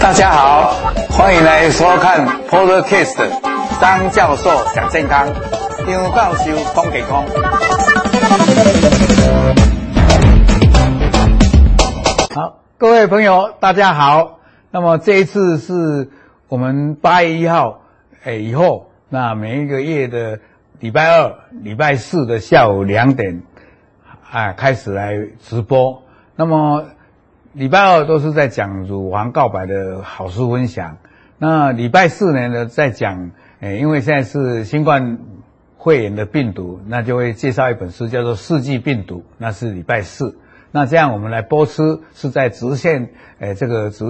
大家好，歡迎來收看 Podcast 張教授講健康，張教授空健空。好，各位朋友，大家好。那麼這一次是我們八月一號，哎，以後那每一個月的禮拜二、禮拜四的下午兩點啊，開始來直播。那麼禮拜二都是在講《乳房告白》的好書分享。那禮拜四年呢，在講、哎，因為現在是新冠肺炎的病毒，那就會介紹一本書，叫做《世紀病毒》，那是禮拜四。那這樣我們來播出是在直線、哎，這這個直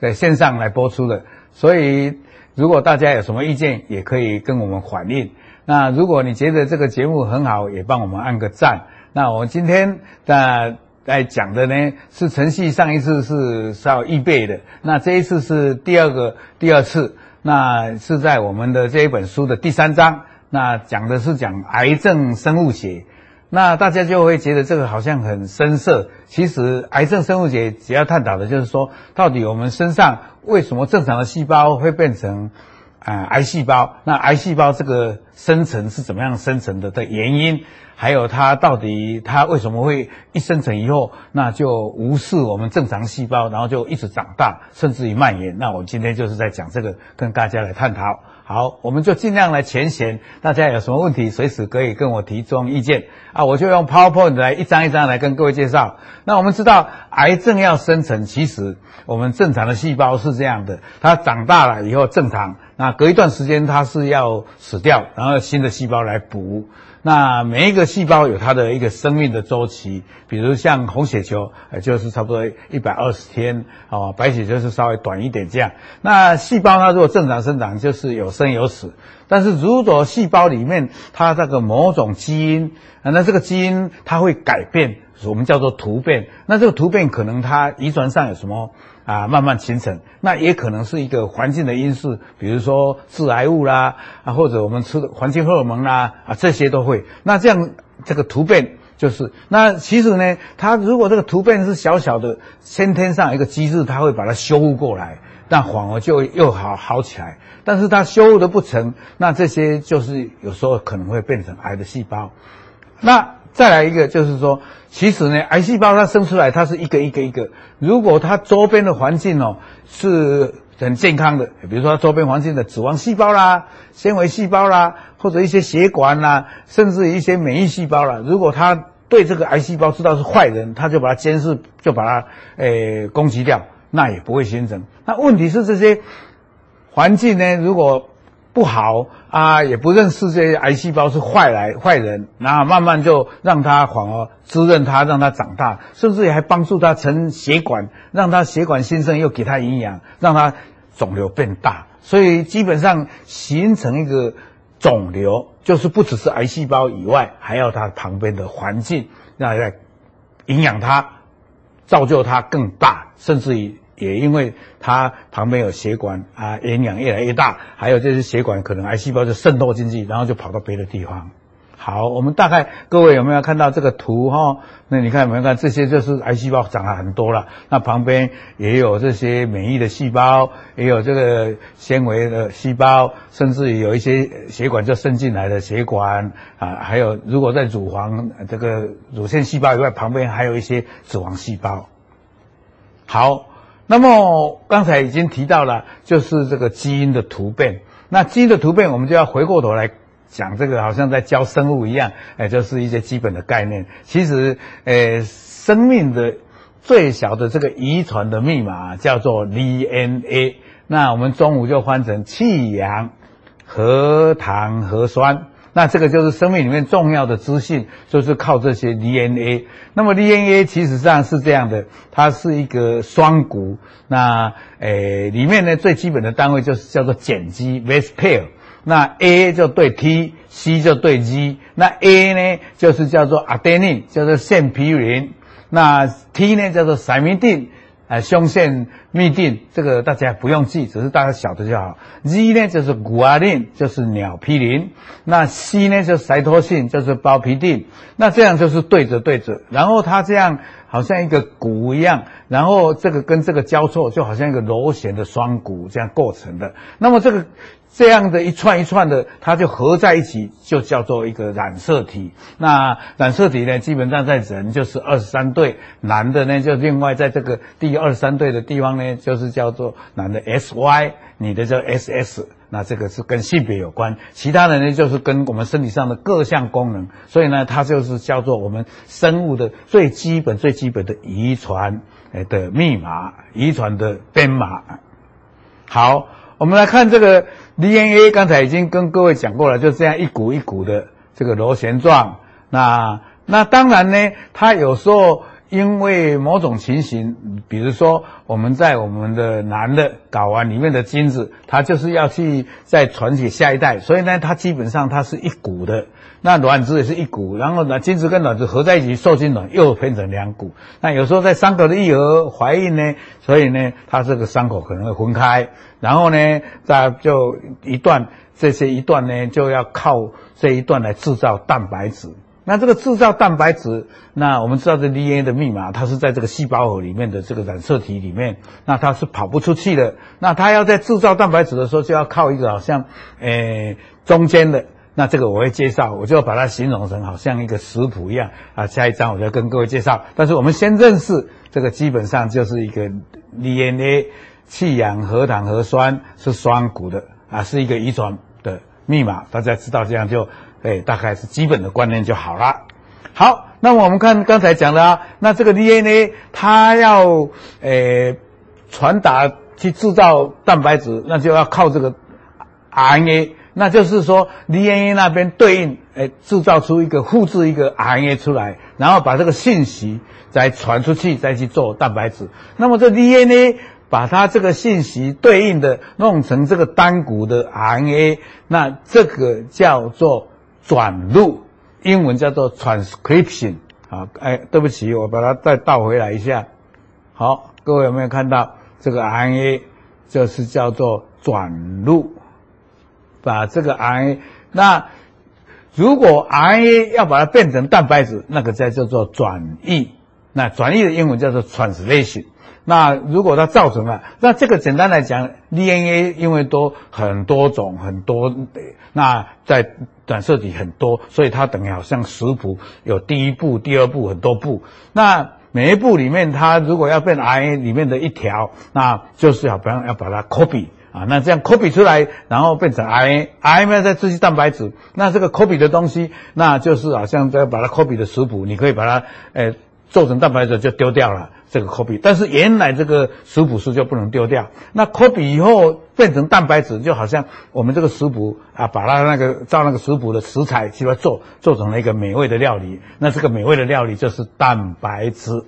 在線上來播出的。所以如果大家有什麼意見，也可以跟我們反映。那如果你覺得這個節目很好，也幫我們按個讚。那我們今天來講的呢，是程序。上一次是稍預備的，那這一次是第二個第二次，那是在我們的這一本書的第三章，那講的是講癌症生物學，那大家就會覺得這個好像很生澀。其實癌症生物學主要探討的就是說，到底我們身上為什麼正常的細胞會變成？啊、嗯，癌細胞。那癌細胞這個生成是怎麼樣生成的的原因？還有它到底它為什麼會一生成以後，那就無視我們正常細胞，然後就一直長大，甚至於蔓延。那我們今天就是在講這個，跟大家來探討。好，我們就盡量來淺顯。大家有什麼問題，隨時可以跟我提出意見啊！我就用 PowerPoint 來一張一張來跟各位介紹。那我們知道，癌症要生成，其實我們正常的細胞是這樣的，它長大了以後正常。那隔一段時間它是要死掉，然後新的細胞來補。那每一個細胞有它的一個生命的周期，比如像紅血球，就是差不多一百二十天啊，白血球是稍微短一點這樣。那細胞它如果正常生長就是有生有死，但是如果細胞裡面它這個某種基因，那這個基因它會改變，我們叫做突變。那這個突變可能它遺傳上有什麼？啊，慢慢形成，那也可能是一個環境的因素，比如說致癌物啦，啊，或者我們吃的環境荷爾蒙啦，啊，這些都會。那這樣這個突變就是，那其實呢，它如果這個突變是小小的，先天上一個機制，它會把它修復過來，那反而就又好好起來。但是它修復的不成，那這些就是有時候可能會變成癌的細胞。那。再來一個，就是說，其實呢，癌細胞它生出來，它是一個一個一個。如果它周邊的環境哦是很健康的，比如說它周邊環境的脂肪細胞啦、纖維細胞啦，或者一些血管啦，甚至一些免疫細胞啦，如果它對這個癌細胞知道是壞人，它就把它監視，就把它誒，呃，攻擊掉，那也不會形成。那問題是這些環境呢，如果。不好啊！也不認識這些癌細胞是壞來壞人，然後慢慢就讓它反而滋潤它，讓它長大，甚至還幫助它成血管，讓它血管新生，又給它營養，讓它腫瘤變大。所以基本上形成一個腫瘤，就是不只是癌細胞以外，還要它旁邊的環境，讓它在營養它，造就它更大，甚至於。也因為它旁邊有血管啊，營養越來越大，還有這些血管可能癌細胞就滲透進去，然後就跑到別的地方。好，我們大概各位有沒有看到這個圖哈？那你看有沒有看這些就是癌細胞長了很多了？那旁邊也有這些免疫的細胞，也有這個纖維的細胞，甚至有一些血管就滲進來的血管啊。還有，如果在乳房，這個乳腺細胞以外，旁邊還有一些脂肪細胞。好。那麼剛才已經提到了，就是這個基因的突變。那基因的突變，我們就要回過頭來講這個，好像在教生物一樣，哎、呃，就是一些基本的概念。其實，呃、生命的最小的這個遺傳的密碼、啊、叫做 DNA。那我們中文就翻成去氧核糖核酸。那這個就是生命裡面重要的資訊，就是靠這些 DNA。那麼 DNA 其實上是這樣的，它是一個雙股。那誒、呃，裡面呢最基本的單位就是叫做鹼基 b a s p a r 那 A 就對 T，C 就對 G。那 A 呢就是叫做腺 n 呤，叫做腺皮呤。那 T 呢叫做胞嘧啶，啊胸腺。嘧啶這個大家不用記，只是大家曉得就好。G 呢就是谷阿令，就是，in，就是鳥嘌呤。那 C 呢就是塞托性，就是胞嘧啶。那這樣就是對着對着，然後它這樣好像一個骨一樣，然後這個跟這個交錯，就好像一個螺旋的雙股這樣構成的。那麼這個這樣的一串一串的，它就合在一起，就叫做一個染色體。那染色體呢，基本上在人就是二十三對，男的呢就另外在這個第二十三對的地方。就是叫做男的 SY，女的叫 SS，那這個是跟性別有關，其他的呢就是跟我們身體上的各項功能，所以呢它就是叫做我們生物的最基本最基本的遺傳的密碼，遺傳的編碼。好，我們來看這個 DNA，剛才已經跟各位講過了，就是這樣一股一股的這個螺旋狀。那那當然呢，它有時候。因為某種情形，比如說我們在我們的男的睾丸裡面的精子，它就是要去再傳給下一代，所以呢，它基本上它是一股的，那卵子也是一股，然後呢，精子跟卵子合在一起受精卵又分成兩股，那有時候在傷口的愈合懷孕呢，所以呢，它這個傷口可能會分開，然後呢，大家就一段這些一段呢，就要靠這一段來制造蛋白質。那這個製造蛋白質，那我們知道這 DNA 的密碼，它是在這個細胞核裡面的這個染色體裡面，那它是跑不出去的。那它要在製造蛋白質的時候，就要靠一個好像誒中間的，那這個我會介紹，我就把它形容成好像一個食譜一樣啊。下一章我就跟各位介紹，但是我們先認識這個，基本上就是一個 DNA，去氧核糖核酸是雙股的啊，是一個遺傳的密碼，大家知道這樣就。哎，大概是基本的觀念就好了。好，那我們看剛才講的啊，那這個 DNA 它要誒、呃、傳達去製造蛋白質，那就要靠這個 RNA。那就是說，DNA 那邊對應誒、呃、製造出一個複製一個 RNA 出來，然後把這個信息再傳出去，再去做蛋白質。那麼這 DNA 把它這個信息對應的弄成這個單股的 RNA，那這個叫做。轉錄英文叫做 transcription 啊，哎、欸，對不起，我把它再倒回來一下。好，各位有沒有看到這個 RNA 就是叫做轉錄，把這個 RNA 那如果 RNA 要把它變成蛋白質，那個才叫做轉譯，那轉譯的英文叫做 translation。那如果它造成了，那這個簡單來講，DNA 因為都很多種很多，那在染色體很多，所以它等於好像食譜有第一步、第二步很多步。那每一步裡面，它如果要變 RNA 裡面的一條，那就是好像要把它 copy 啊，那這樣 copy 出來，然後變成 RNA，RNA 再制造蛋白質。那這個 copy 的東西，那就是好像在把它 copy 的食譜，你可以把它誒。呃做成蛋白質，就丟掉了這個 copy，但是原來這個食譜書就不能丟掉。那 copy 以後變成蛋白質，就好像我們這個食譜啊，把它那個照那個食譜的食材去做，做成了一個美味的料理。那這個美味的料理就是蛋白質。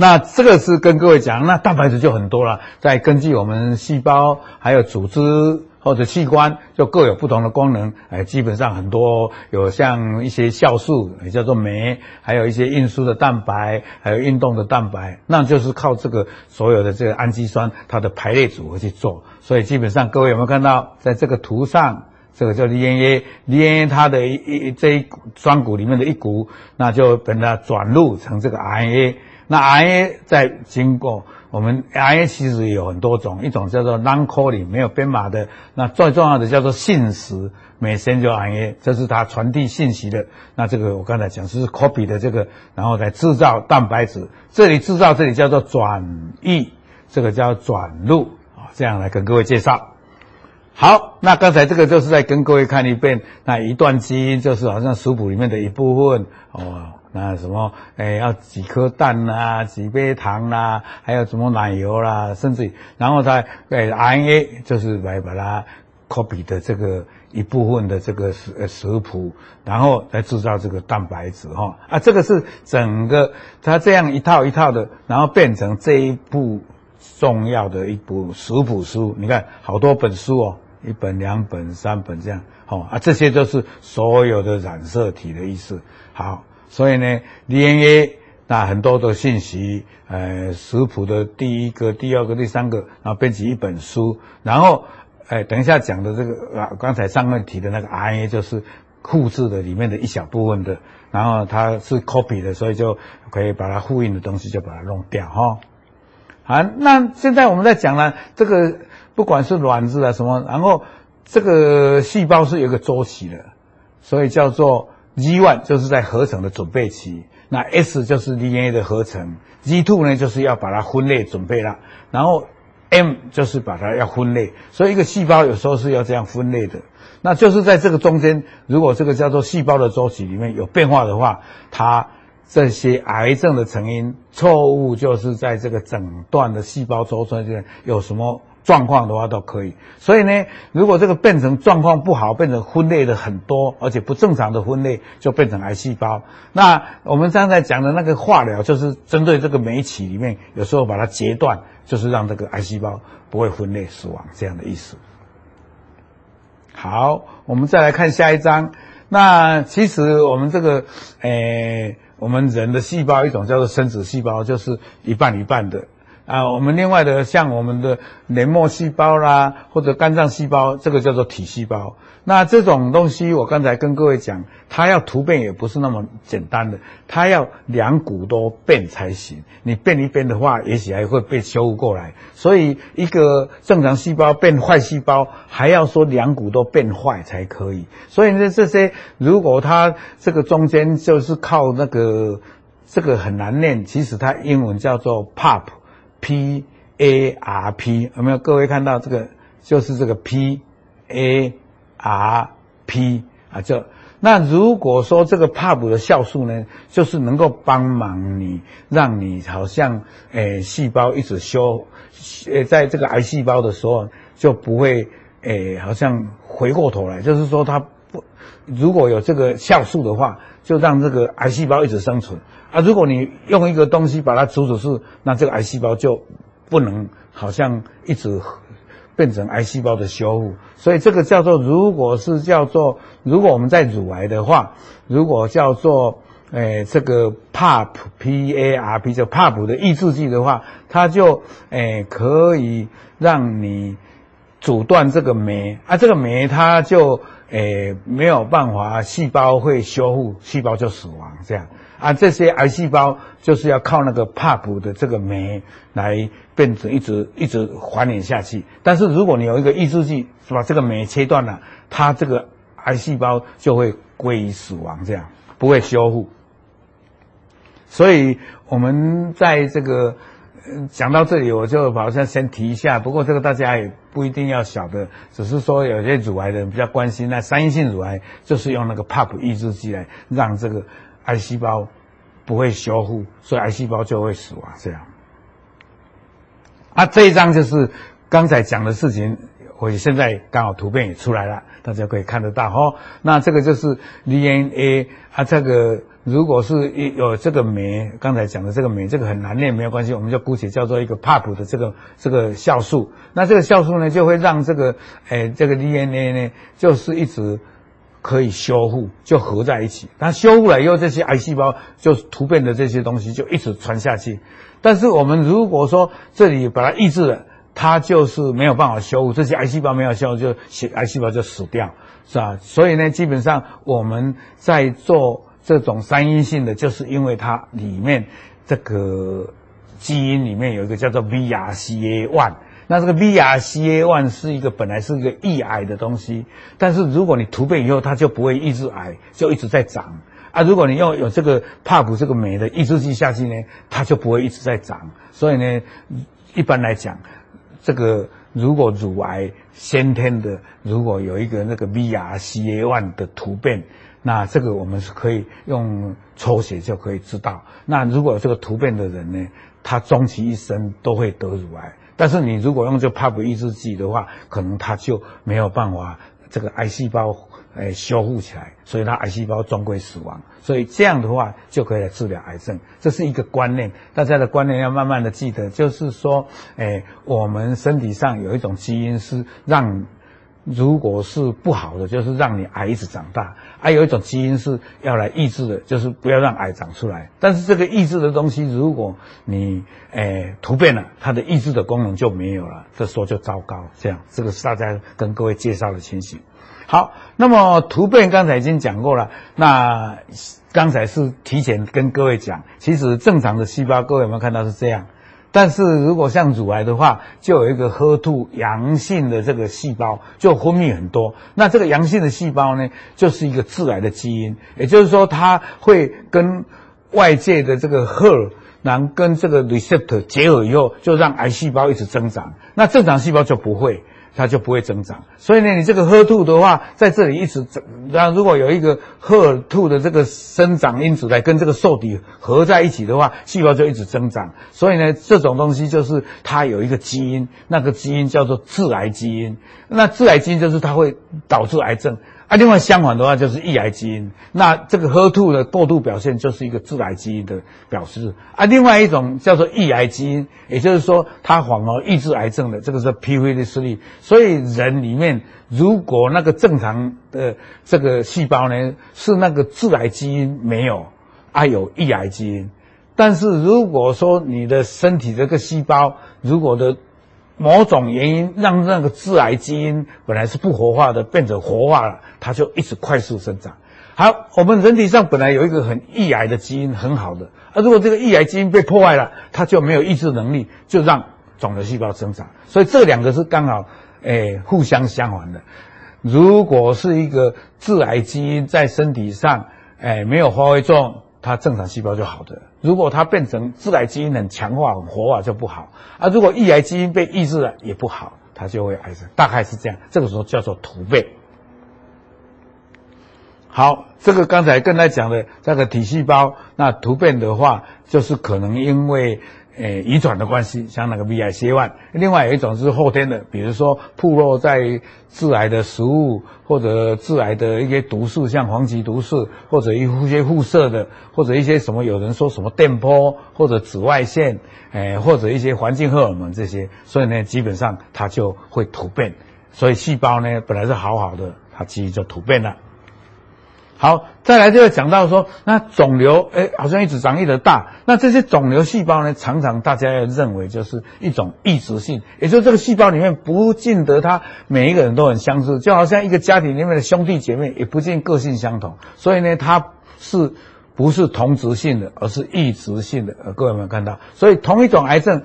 那這個是跟各位講，那蛋白質就很多了。再根據我們細胞，還有組織或者器官，就各有不同的功能。哎，基本上很多有像一些酵素也叫做酶，還有一些運輸的蛋白，還有運動的蛋白，那就是靠這個所有的這個氨基酸它的排列組合去做。所以基本上各位有沒有看到，在這個圖上，這個叫 DNA，DNA 它的一這一股雙股裡面的一股，那就把它轉錄成這個 RNA。那 RNA 在經過我們 RNA 其實也有很多種，一種叫做 non-coding 沒有編碼的，那最重要的叫做信使 mRNA，這是它傳遞信息的。那這個我剛才講是 copy 的這個，然後來製造蛋白質，這裡製造，這裡叫做轉譯，這個叫轉錄啊，這樣來跟各位介紹。好，那剛才這個就是在跟各位看一遍那一段基因，就是好像食譜裡面的一部分哦。那什麼，哎，要幾顆蛋啦、啊，幾杯糖啦、啊，還有什麼奶油啦、啊，甚至然後再，哎，RNA 就是來把它 copy 的這個一部分的這個食食譜，然後來制造這個蛋白質哈、哦、啊，這個是整個他這樣一套一套的，然後變成這一部重要的一部食譜書，你看好多本書哦，一本、兩本、三本這樣，哦啊，這些都是所有的染色體的意思，好。所以呢，DNA，那很多的信息，呃，食譜的第一個、第二個、第三個，然後編輯一本書。然後，哎，等一下講的這個啊，剛才上面提的那個 RNA 就是複製的裡面的一小部分的，然後它是 copy 的，所以就可以把它複印的東西就把它弄掉哈、哦。啊，那現在我們在講呢，這個不管是卵子啊什麼，然後這個細胞是有一個週期的，所以叫做。1 G one 就是在合成的準備期，那 S 就是 DNA 的合成，G two 呢就是要把它分裂準備了，然後 M 就是把它要分裂，所以一個細胞有時候是要這樣分裂的。那就是在這個中間，如果這個叫做細胞的週期裡面有變化的話，它這些癌症的成因錯誤就是在這個整段的細胞週期裡面有什麼狀況的話都可以，所以呢，如果這個變成狀況不好，變成分裂的很多，而且不正常的分裂，就變成癌細胞。那我們剛才講的那個化療，就是針對這個酶體裡面，有時候把它截斷，就是讓這個癌細胞不會分裂死亡，這樣的意思。好，我們再來看下一章。那其實我們這個，誒、呃，我們人的細胞一種叫做生殖細胞，就是一半一半的。啊，我們另外的像我們的黏膜細胞啦、啊，或者肝臟細胞，這個叫做體細胞。那這種東西，我剛才跟各位講，它要突變也不是那麼簡單的，它要兩股都變才行。你變一變的話，也許還會被修復過來。所以一個正常細胞變壞細胞，還要說兩股都變壞才可以。所以呢，這些如果它這個中間就是靠那個，這個很難念，其實它英文叫做 “pop”。PARP，有沒有？各位看到這個就是這個 PARP 啊，就，那如果說這個帕普的酵素呢，就是能夠幫忙你，讓你好像誒細胞一直修，呃，在這個癌細胞的時候就不會誒好像回過頭來，就是說它不如果有這個酵素的話，就讓這個癌細胞一直生存。啊，如果你用一個東西把它阻止住，那這個癌細胞就不能好像一直變成癌細胞的修復，所以這個叫做，如果是叫做，如果我們在乳癌的話，如果叫做，誒、呃，這個 PARP P-A-R-P，就 PARP 的抑制劑的話，它就誒、呃、可以讓你阻斷這個酶，啊，這個酶它就誒、呃、沒有辦法，細胞會修復，細胞就死亡，這樣。啊，這些癌細胞就是要靠那個 PARP 的這個酶來變成一直一直還原下去。但是如果你有一個抑制劑，是吧？這個酶，切斷了，它這個癌細胞就會歸於死亡，這樣不會修復。所以我們在這個、呃、講到這裡，我就好像先提一下。不過這個大家也不一定要曉得，只是說有些乳癌的人比較關心。那三陰性乳癌就是用那個 PARP 抑制劑來讓這個。癌細胞不會修復，所以癌細胞就會死亡。這樣啊，這一張就是剛才講的事情，我現在剛好圖片也出來了，大家可以看得到哦。那這個就是 DNA 啊，這個如果是有這個酶，剛才講的這個酶，這個很難唸，沒有關係，我們就姑且叫做一個 PUP 的這個這個酵素。那這個酵素呢，就會讓這個哎這個 DNA 呢，就是一直。可以修復，就合在一起。但修復了以後，這些癌細胞就突變的這些東西就一直傳下去。但是我們如果說這裡把它抑制了，它就是沒有辦法修復，這些癌細胞沒有修復就癌細胞就死掉，是吧？所以呢，基本上我們在做這種三陰性的，就是因為它裡面這個基因裡面有一個叫做 BRCA1。那這個 BRCA1 是一個本來是一個抑癌的東西，但是如果你突變以後，它就不會抑制癌，就一直在長啊。如果你要有這個帕普這個酶的抑制劑下去呢，它就不會一直在長。所以呢，一般來講，這個如果乳癌先天的，如果有一個那個 BRCA1 的突變，那這個我們是可以用抽血就可以知道。那如果有這個突變的人呢，他終其一生都會得乳癌。但是你如果用這 PARP 抑制劑的話，可能它就沒有辦法，這個癌細胞誒、呃、修復起來，所以它癌細胞終歸死亡。所以這樣的話就可以來治療癌症，這是一個觀念，大家的觀念要慢慢的記得，就是說，誒、呃，我們身體上有一種基因是讓。如果是不好的，就是讓你癌一直長大。還、啊、有一種基因是要來抑制的，就是不要讓癌長出來。但是這個抑制的東西，如果你誒、欸、突變了，它的抑制的功能就沒有了，這時候就糟糕。這樣，這個是大家跟各位介紹的情形。好，那麼突變剛才已經講過了。那剛才是提前跟各位講，其實正常的細胞，各位有沒有看到是這樣？但是如果像乳癌的話，就有一個 Her2 陽性的這個細胞就分泌很多，那這個陽性的細胞呢，就是一個致癌的基因，也就是說它會跟外界的這個 Her 能跟這個 Receptor 結合以後，就讓癌細胞一直增長，那正常細胞就不會。它就不會增長，所以呢，你這個 HER2 的話，在這裡一直增。那如果有一個 HER2 的這個生長因子來跟這個受體合在一起的話，細胞就一直增長。所以呢，這種東西就是它有一個基因，那個基因叫做致癌基因。那致癌基因就是它會導致癌症。啊，另外相反的話就是抑癌基因。那這個 Her2 的過度表現就是一個致癌基因的表示啊。另外一種叫做抑癌基因，也就是說它反而抑制癌症的。這個是 PV 的實例。所以人裡面如果那個正常的這個細胞呢，是那個致癌基因沒有，而、啊、有抑癌基因。但是如果說你的身體這個細胞如果的。某種原因讓那個致癌基因本來是不活化的，變成活化了，它就一直快速生長。好，我們人體上本來有一個很抑癌的基因，很好的。啊，如果這個抑癌基因被破壞了，它就沒有抑制能力，就讓腫瘤細胞生長。所以這兩個是剛好，哎、欸，互相相反的。如果是一個致癌基因在身體上，哎、欸，沒有發揮作用。它正常細胞就好的，如果它變成致癌基因很強化、很活化就不好，而、啊、如果抑癌基因被抑制了也不好，它就會癌症。大概是這樣，這個時候叫做突變。好，這個剛才剛才講的這個體細胞，那突變的話，就是可能因為誒、呃、遺傳的關係，像那個 V I C one。另外有一種是後天的，比如說暴露在致癌的食物或者致癌的一些毒素，像黃麴毒素，或者一一些輻射的，或者一些什麼，有人說什麼電波或者紫外線，誒、呃，或者一些環境荷爾蒙這些，所以呢，基本上它就會突變。所以細胞呢，本來是好好的，它基因就突變了。好，再來就要講到說，那腫瘤哎、欸，好像一直長一直大。那這些腫瘤細胞呢，常常大家要認為就是一種異質性，也就是這個細胞裡面不見得它每一個人都很相似，就好像一個家庭裡面的兄弟姐妹也不見個性相同。所以呢，它是不是同質性的，而是異質性的？呃，各位有沒有看到？所以同一種癌症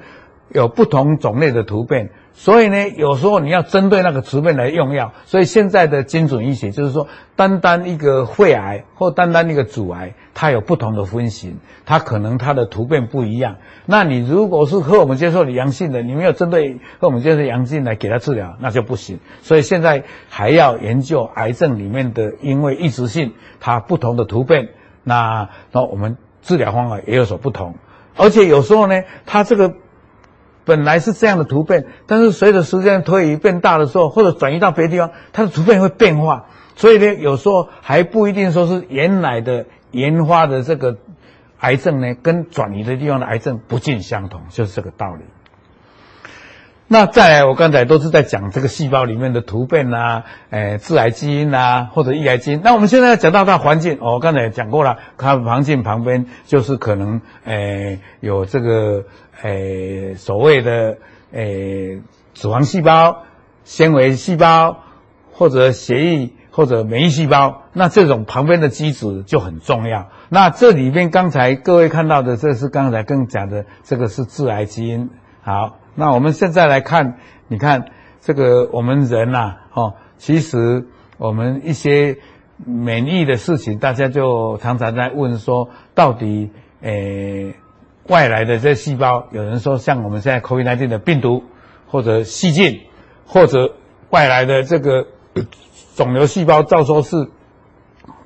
有不同種類的突變。所以呢，有時候你要針對那個病變來用藥。所以現在的精準醫學就是說，單單一個肺癌或單單一個主癌，它有不同的分型，它可能它的突變不一樣。那你如果是和我們接受的陽性的，你沒有針對和我們接受陽性來給他治療，那就不行。所以現在還要研究癌症裡面的，因為異質性，它不同的突變，那那我們治療方法也有所不同。而且有時候呢，它這個。本來是這樣的突變，但是隨着時間推移變大的時候，或者轉移到別的地方，它的突變會變化，所以呢，有時候還不一定說是原來的原發的這個癌症呢，跟轉移的地方的癌症不盡相同，就是這個道理。那再來，我剛才都是在講這個細胞裡面的突變吶、啊，誒、呃，致癌基因吶、啊，或者抑癌基因。那我們現在講到它環境，哦、我剛才也講過了，它環境旁邊就是可能誒、呃、有這個誒、呃、所謂的誒、呃、脂肪細胞、纖維細胞或者血液或者免疫細胞。那這種旁邊的基質就很重要。那這裡邊剛才各位看到的，這是剛才更講的，這個是致癌基因。好。那我們現在來看，你看這個我們人吶，哦，其實我們一些免疫的事情，大家就常常在問說，到底誒、呃、外來的這些細胞，有人說像我們現在 COVID-19 的病毒或者細菌，或者外來的這個腫瘤細胞，照說是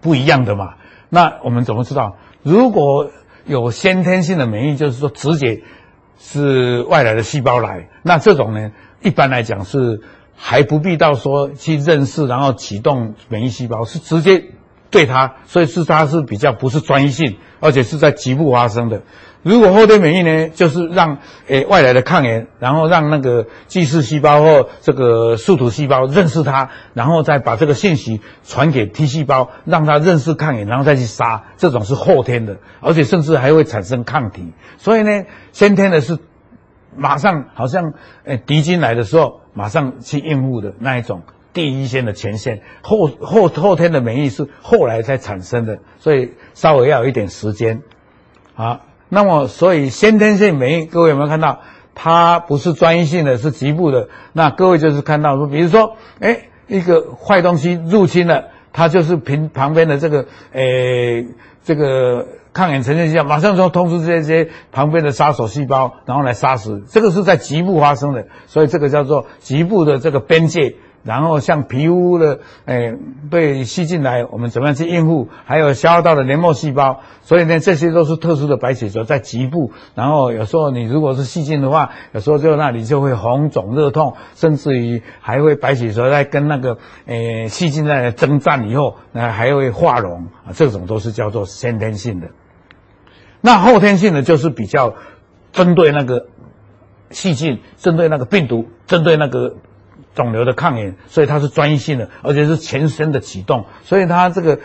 不一樣的嘛？那我們怎麼知道？如果有先天性的免疫，就是說直接。是外來的細胞來，那這種呢，一般來講是還不必到說去認識，然後啟動免疫細胞，是直接。對它，所以是它是比較不是專一性，而且是在局部發生的。如果後天免疫呢，就是讓誒、欸、外來的抗原，然後讓那個巨噬細胞或這個樹突細胞認識它，然後再把這個信息傳給 T 細胞，讓它認識抗原，然後再去殺。這種是後天的，而且甚至還會產生抗體。所以呢，先天的是馬上好像誒敵軍來的時候馬上去應付的那一種。第一線的前線，後後後天的免疫是後來才產生的，所以稍微要有一點時間啊。那麼，所以先天性免疫，各位有沒有看到？它不是專一性的，是局部的。那各位就是看到說，比如說，哎，一個壞東西入侵了，它就是憑旁邊的這個，哎，這個抗原呈遞細胞，馬上說通知這些旁邊的殺手細胞，然後來殺死。這個是在局部發生的，所以這個叫做局部的這個邊界。然後像皮膚的誒被吸進來，我們怎麼樣去應付？還有消化道的黏膜細胞，所以呢，這些都是特殊的白血球在局部。然後有時候你如果是細菌的話，有時候就那裡就會紅腫、熱痛，甚至於還會白血球在跟那個誒細菌在爭戰以後，那還會化膿啊。這種都是叫做先天性的。那後天性的就是比較針對那個細菌、針對那個病毒、針對那個。腫瘤的抗原，所以它是專一性的，而且是全身的啟動，所以它這個誒、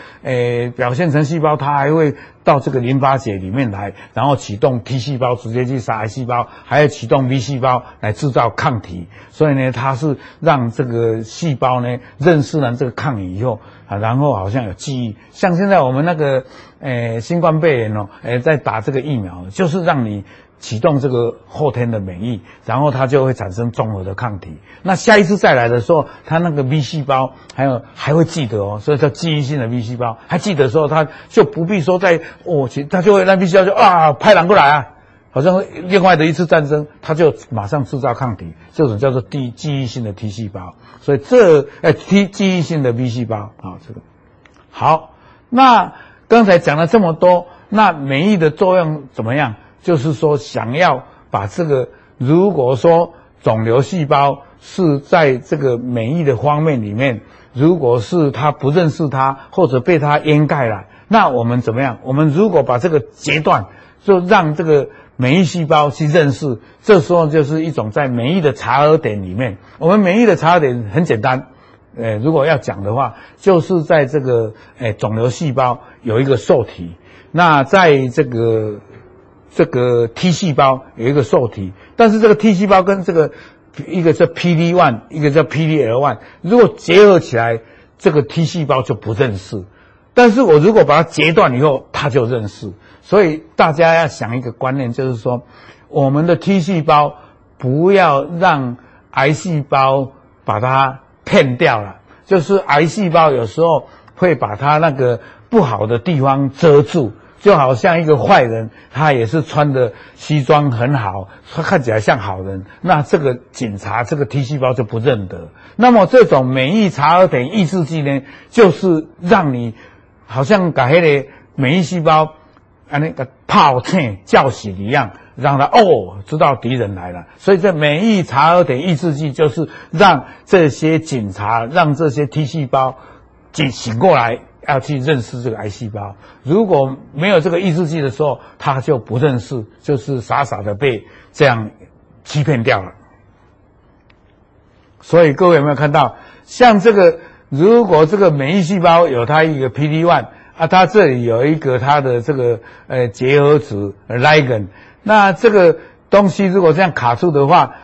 呃、表現成細胞，它還會到這個淋巴結裡面來，然後啟動 T 細胞直接去殺癌細胞，還要啟動 B 細胞來製造抗體，所以呢，它是讓這個細胞呢認識了這個抗原以後啊，然後好像有記憶，像現在我們那個誒、呃、新冠肺炎哦，誒、呃、在打這個疫苗，就是讓你。啟動這個後天的免疫，然後它就會產生綜合的抗體。那下一次再來的時候，它那個 B 細胞還有還會記得哦，所以叫記憶性的 B 細胞。還記得時候，它就不必說在哦，它就會讓 B 細胞就啊，派人過來啊，好像另外的一次戰爭，它就馬上製造抗體。這種叫做第記憶性的 T 細胞。所以這哎，T 記憶性的 B 細胞啊、哦，這個。好。那剛才講了這麼多，那免疫的作用怎麼樣？就是說，想要把這個，如果說腫瘤細胞是在這個免疫的方面裡面，如果是它不認識它，或者被它掩蓋了，那我們怎麼樣？我們如果把這個截斷，就讓這個免疫細胞去認識，這時候就是一種在免疫的查核點裡面。我們免疫的查核點很簡單、哎，如果要講的話，就是在這個、哎，腫瘤細胞有一個受體，那在這個。這個 T 細胞有一個受體，但是這個 T 細胞跟這個一個叫 PD one，一個叫 PDL one，如果結合起來，這個 T 細胞就不認識。但是我如果把它截斷以後，它就認識。所以大家要想一個觀念，就是說我們的 T 細胞不要讓癌細胞把它騙掉了。就是癌細胞有時候會把它那個不好的地方遮住。就好像一個壞人，他也是穿的西裝很好，他看起來像好人。那這個警察，這個 T 細胞就不認得。那麼這種免疫查核點抑制劑呢，就是讓你好像把黑的免疫細胞啊，那個炮聲叫醒一樣，讓他哦知道敵人來了。所以這免疫查核點抑制劑就是讓這些警察，讓這些 T 細胞警醒過來。要去認識這個癌細胞，如果沒有這個抑制劑的時候，他就不認識，就是傻傻的被這樣欺騙掉了。所以各位有沒有看到，像這個，如果這個免疫細胞有它一個 PD one 啊，它這裡有一個它的這個呃結合子 ligand，那這個東西如果這樣卡住的話，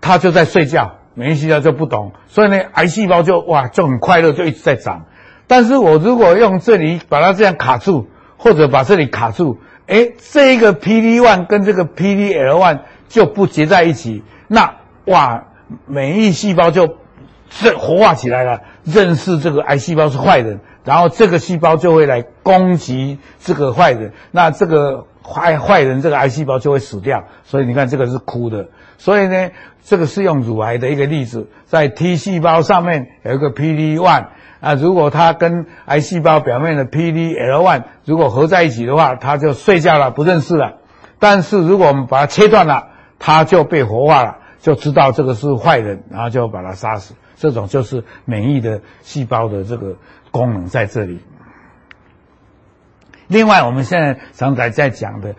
它就在睡覺，免疫細胞就不懂，所以呢，癌細胞就哇就很快樂，就一直在長。但是我如果用這裡把它這樣卡住，或者把這裡卡住，哎，這一個 PD-1 跟這個 PDL-1 就不結在一起，那哇，免疫細胞就這活化起來了，認識這個癌細胞是壞人，然後這個細胞就會來攻擊這個壞人，那這個壞壞人這個癌細胞就會死掉。所以你看這個是哭的。所以呢，這個是用乳癌的一個例子，在 T 細胞上面有一個 PD-1。1, 啊，如果它跟癌細胞表面的 PDL1 如果合在一起的話，它就睡覺了，不認識了。但是如果我們把它切斷了，它就被活化了，就知道這個是壞人，然後就把它殺死。這種就是免疫的細胞的這個功能在這裡。另外，我們現在常在講的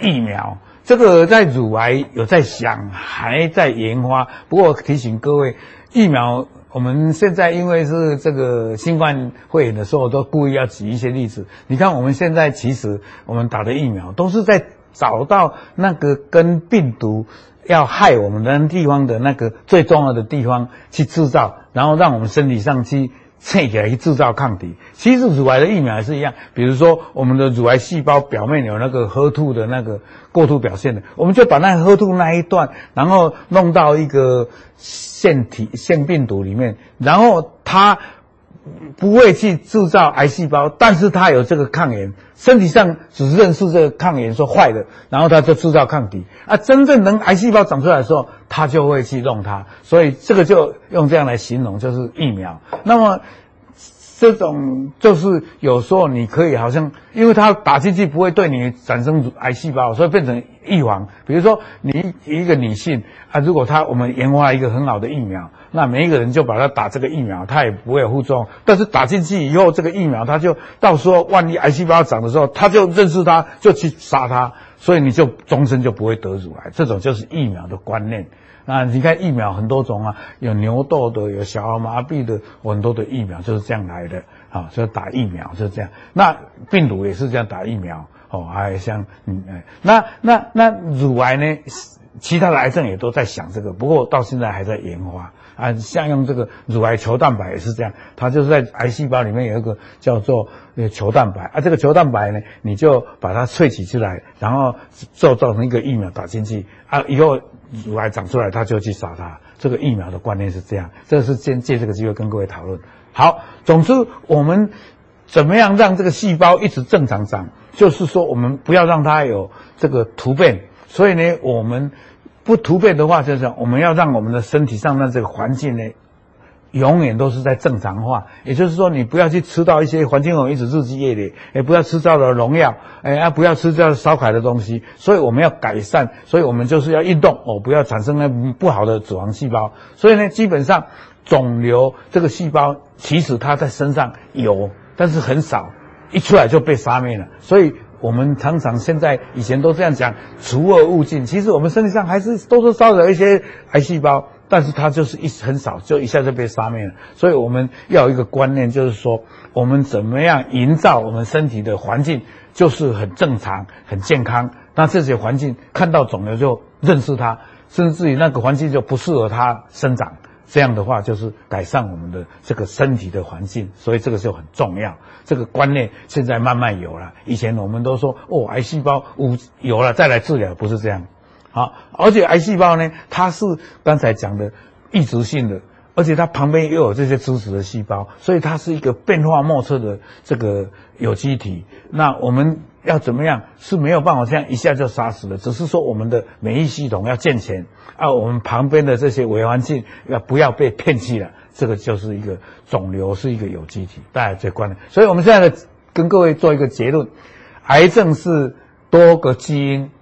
疫苗，這個在乳癌有在想，還在研發。不過提醒各位，疫苗。我們現在因為是這個新冠肺炎的時候，都故意要舉一些例子。你看，我們現在其實我們打的疫苗都是在找到那個跟病毒要害我們的地方的那個最重要的地方去製造，然後讓我們身體上去。測起來去制造抗體，其實乳癌的疫苗還是一樣，比如說我們的乳癌細胞表面有那個喝 e 的那個過度表現的，我們就把那 h e 那一段，然後弄到一個腺體腺病毒裡面，然後它。不會去製造癌細胞，但是它有這個抗原。身體上只認識這個抗原說壞的，然後它就製造抗體。啊，真正能癌細胞長出來的時候，它就會去弄它。所以這個就用這樣來形容，就是疫苗。那麼。這種就是有時候你可以好像，因為它打進去不會對你產生癌細胞，所以變成預防。比如說你一個女性啊，如果她我們研發一個很好的疫苗，那每一個人就把它打這個疫苗，它也不會有副作用。但是打進去以後，這個疫苗它就到時候萬一癌細胞長的時候，它就認識它，就去殺它，所以你就終身就不會得乳癌。這種就是疫苗的觀念。那你看疫苗很多種啊，有牛痘的，有小兒麻痹的，有很多的疫苗就是這樣來的啊，哦，所以打疫苗就是這樣。那病毒也是這樣打疫苗哦，還像嗯，那那那乳癌呢，其他的癌症也都在想這個，不過到現在還在研發啊，像用這個乳癌球蛋白也是這樣，它就是在癌細胞裡面有一個叫做球蛋白啊，這個球蛋白呢，你就把它萃取出來，然後做造成一個疫苗打進去啊，以後。乳癌長出來，他就去殺它。這個疫苗的觀念是這樣，這是先借這個機會跟各位討論。好，總之我們怎麼樣讓這個細胞一直正常長，就是說我們不要讓它有這個突變。所以呢，我們不突變的話，就是我們要讓我們的身體上的這個環境呢。永遠都是在正常化，也就是說，你不要去吃到一些環境油，一直日積月累，也不要吃到農藥，哎啊，不要吃到燒烤的東西。所以我們要改善，所以我們就是要運動哦，不要產生那不好的脂肪細胞。所以呢，基本上腫瘤這個細胞其實它在身上有，但是很少，一出來就被殺滅了。所以我們常常現在以前都這樣講，除惡務盡。其實我們身體上還是都是燒了一些癌細胞。但是它就是一很少，就一下就被殺滅了。所以我們要有一個觀念，就是說我們怎麼樣營造我們身體的環境，就是很正常、很健康。那這些環境看到腫瘤就認識它，甚至於那個環境就不適合它生長。這樣的話就是改善我們的這個身體的環境，所以這個就很重要。這個觀念現在慢慢有了。以前我們都說哦，癌細胞有，有了再來治療，不是這樣。好，而且癌細胞呢，它是剛才講的異質性的，而且它旁邊又有這些支持的細胞，所以它是一個變化莫測的這個有機體。那我們要怎麼樣？是沒有辦法這樣一下就殺死了，只是說我們的免疫系統要健全，啊，我們旁邊的這些微環境要不要被騙去了？這個就是一個腫瘤，是一個有機體，大家這觀點。所以我們現在跟各位做一個結論：癌症是多個基因，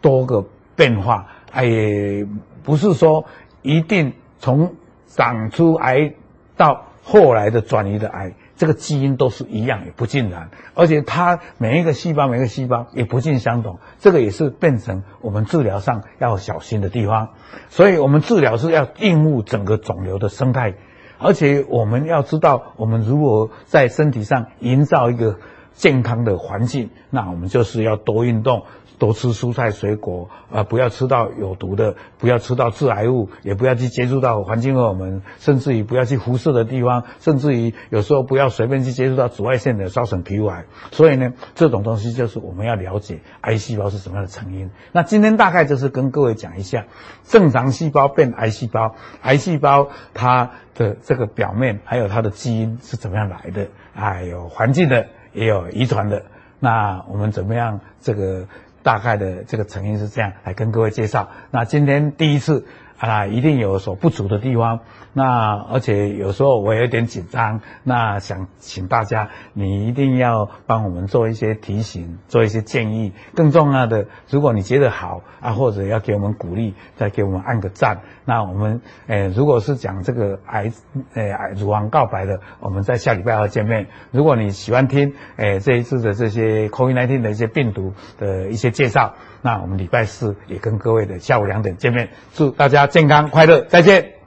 多個。變化，它也不是說一定從長出癌到後來的轉移的癌，這個基因都是一樣，也不盡然。而且它每一個細胞，每一個細胞也不盡相同，這個也是變成我們治療上要小心的地方。所以我們治療是要應付整個腫瘤的生態，而且我們要知道，我們如果在身體上營造一個健康的環境，那我們就是要多運動。多吃蔬菜水果啊、呃，不要吃到有毒的，不要吃到致癌物，也不要去接觸到環境，我們甚至於不要去輻射的地方，甚至於有時候不要隨便去接觸到紫外線的，燒成皮膚癌。所以呢，這種東西就是我們要了解癌細胞是什麼樣的成因。那今天大概就是跟各位講一下，正常細胞變癌細胞，癌細胞它的這個表面還有它的基因是怎麼樣來的？哎、啊，有環境的，也有遺傳的。那我們怎麼樣這個？大概的這個成因是這樣，來跟各位介紹。那今天第一次。啊，一定有所不足的地方。那而且有時候我也有點緊張，那想請大家，你一定要幫我們做一些提醒，做一些建議。更重要的，如果你覺得好啊，或者要給我們鼓勵，再給我們按個讚。那我們，誒、呃，如果是講這個癌，誒、呃，乳房告白的，我們在下禮拜二見面。如果你喜歡聽，誒、呃，這一次的這些 COVID-19 的一些病毒的一些介紹。那我們禮拜四也跟各位的下午兩點見面，祝大家健康快樂，再見。